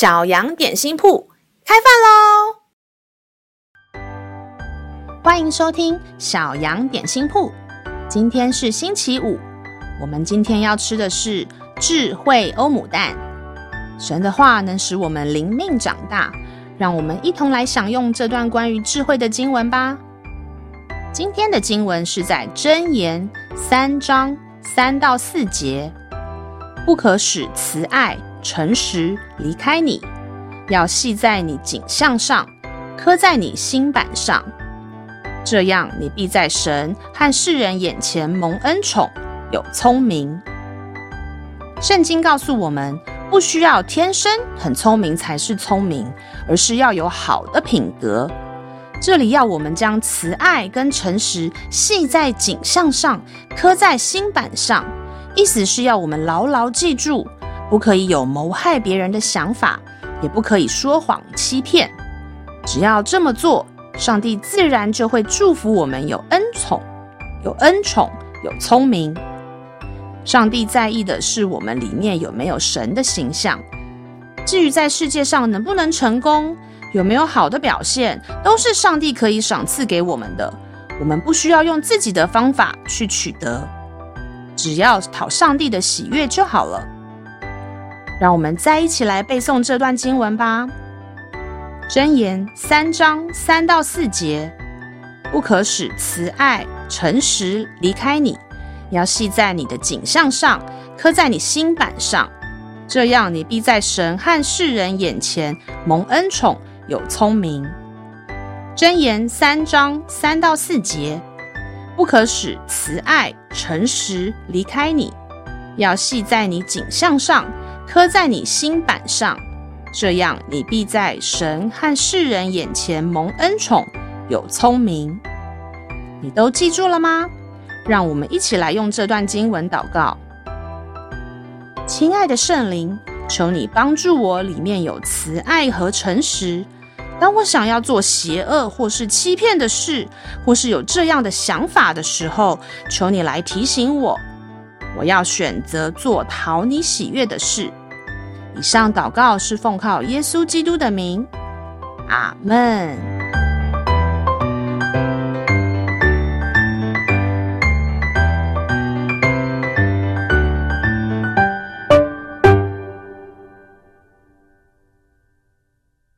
小羊點心鋪開飯嘍！歡迎收聽小羊點心鋪。今天是星期五，我們今天要吃的是智慧歐姆蛋。神的話能使我們靈命長大，讓我們一同來享用這段關於智慧的經文吧。今天的經文是在箴言三章三到四節，不可使慈愛。誠實離開你，要繫在你頸項上，刻在你心版上，這樣你必在神和世人眼前蒙恩寵，有聰明。聖經告訴我們，不需要天生很聰明才是聰明，而是要有好的品格。這裡要我們將慈愛跟誠實繫在頸項上，刻在心版上，意思是要我們牢牢記住。不可以有謀害別人的想法，也不可以說謊欺騙。只要這麼做，上帝自然就會祝福我們有恩寵，有恩寵，有聰明。上帝在意的是我們裡面有沒有神的形象。至於在世界上能不能成功，有沒有好的表現，都是上帝可以賞賜給我們的。我們不需要用自己的方法去取得，只要討上帝的喜悅就好了。讓我們再一起來背誦這段經文吧。箴言三章三到四節：不可使慈愛、誠實離開你，要繫在你的頸項上，刻在你心版上，這樣你必在神和世人眼前蒙恩寵，有聰明。箴言三章三到四節：不可使慈愛、誠實離開你，要繫在你頸項上。刻在你心版上，這樣你必在神和世人眼前蒙恩寵，有聰明。你都記住了嗎？讓我們一起來用這段經文禱告。親愛的聖靈，求你幫助我，裡面有慈愛和誠實。當我想要做邪惡或是欺騙的事，或是有這樣的想法的時候，求你來提醒我。我要選擇做討你喜悅的事。以上禱告是奉靠耶穌基督的名，阿門。